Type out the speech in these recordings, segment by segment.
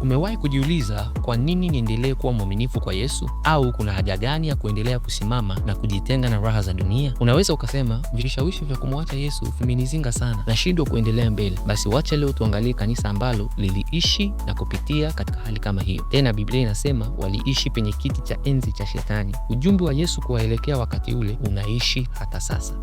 Umewahi kujiuliza kwa nini niendelee kuwa mwaminifu kwa Yesu, au kuna haja gani ya kuendelea kusimama na kujitenga na raha za dunia? Unaweza ukasema vishawishi vya kumwacha Yesu vimenizinga sana, nashindwa kuendelea mbele. Basi wacha leo tuangalie kanisa ambalo liliishi na kupitia katika hali kama hiyo. Tena Biblia inasema waliishi penye kiti cha enzi cha Shetani. Ujumbe wa Yesu kuwaelekea wakati ule unaishi hata sasa.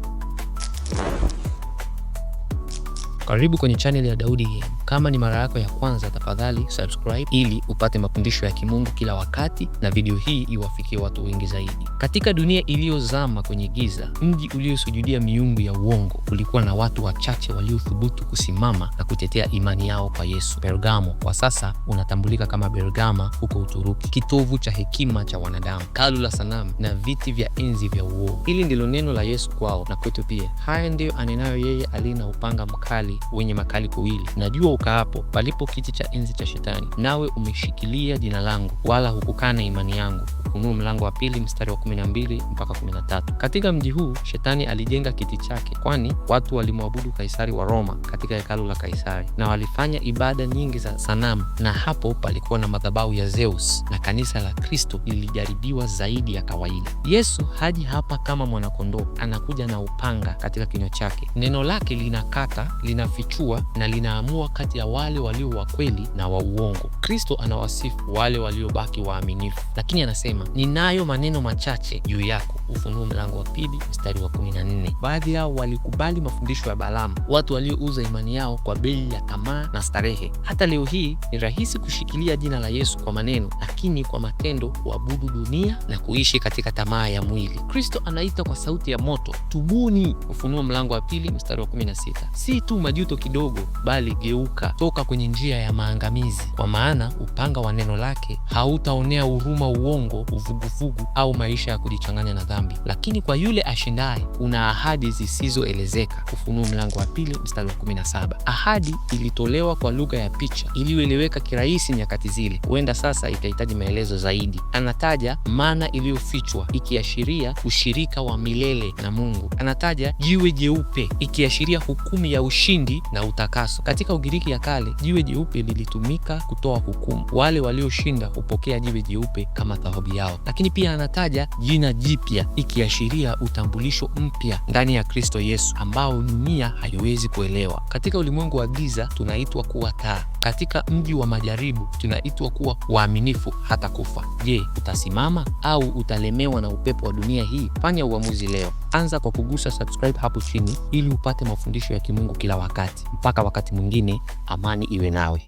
Karibu kwenye chaneli ya Daudi Yeni. Kama ni mara yako ya kwanza, tafadhali subscribe ili upate mafundisho ya kimungu kila wakati na video hii iwafikie watu wengi zaidi. Katika dunia iliyozama kwenye giza, mji uliosujudia miungu ya uongo, kulikuwa na watu wachache waliothubutu kusimama na kutetea imani yao kwa Yesu. bergamo kwa sasa unatambulika kama Bergama huko Uturuki, kitovu cha hekima cha wanadamu, kalu la sanamu na viti vya enzi vya uongo Hili ndilo neno la Yesu kwao na kwetu pia. Haya ndiyo anenayo yeye aliye na upanga mkali wenye makali kuwili, najua Kumbuka hapo palipo kiti cha enzi cha Shetani, nawe umeshikilia jina langu, wala hukukana imani yangu. Ufunuo mlango wa pili mstari wa 12 mpaka 13. Katika mji huu shetani alijenga kiti chake, kwani watu walimwabudu Kaisari wa Roma katika hekalu la Kaisari na walifanya ibada nyingi za sanamu, na hapo palikuwa na madhabahu ya Zeus na kanisa la Kristo lilijaribiwa zaidi ya kawaida. Yesu haji hapa kama mwanakondoo, anakuja na upanga katika kinywa chake. Neno lake linakata, linafichua na linaamua kati ya wale walio wa kweli na wa uongo. Kristo anawasifu wale waliobaki waaminifu, lakini anasema ninayo maneno machache juu yako. Ufunuo mlango wa pili mstari wa 14. Baadhi yao walikubali mafundisho ya Balaamu, watu waliouza imani yao kwa bei ya tamaa na starehe. Hata leo hii ni rahisi kushikilia jina la Yesu kwa maneno, lakini kwa matendo kuabudu dunia na kuishi katika tamaa ya mwili. Kristo anaita kwa sauti ya moto, tubuni. Ufunuo mlango wa pili mstari wa 16. Si tu majuto kidogo, bali geuka, toka kwenye njia ya maangamizi, kwa maana upanga wa neno lake hautaonea huruma uongo, uvuguvugu au maisha ya kujichanganya na dhambi dhambi, lakini kwa yule ashindaye kuna ahadi zisizoelezeka. Ufunuo mlango wa pili mstari wa 17. Ahadi ilitolewa kwa lugha ya picha iliyoeleweka kirahisi nyakati zile, huenda sasa itahitaji maelezo zaidi. Anataja mana iliyofichwa ikiashiria ushirika wa milele na Mungu. Anataja jiwe jeupe ikiashiria hukumu ya ushindi na utakaso. Katika Ugiriki ya kale, jiwe jeupe lilitumika kutoa hukumu. Wale walioshinda hupokea jiwe jeupe kama thawabu yao, lakini pia anataja jina jipya ikiashiria utambulisho mpya ndani ya Kristo Yesu ambao dunia haiwezi kuelewa. Katika ulimwengu wa giza tunaitwa kuwa taa, katika mji wa majaribu tunaitwa kuwa waaminifu hata kufa. Je, utasimama au utalemewa na upepo wa dunia hii? Fanya uamuzi leo. Anza kwa kugusa subscribe hapo chini ili upate mafundisho ya kimungu kila wakati. Mpaka wakati mwingine, amani iwe nawe.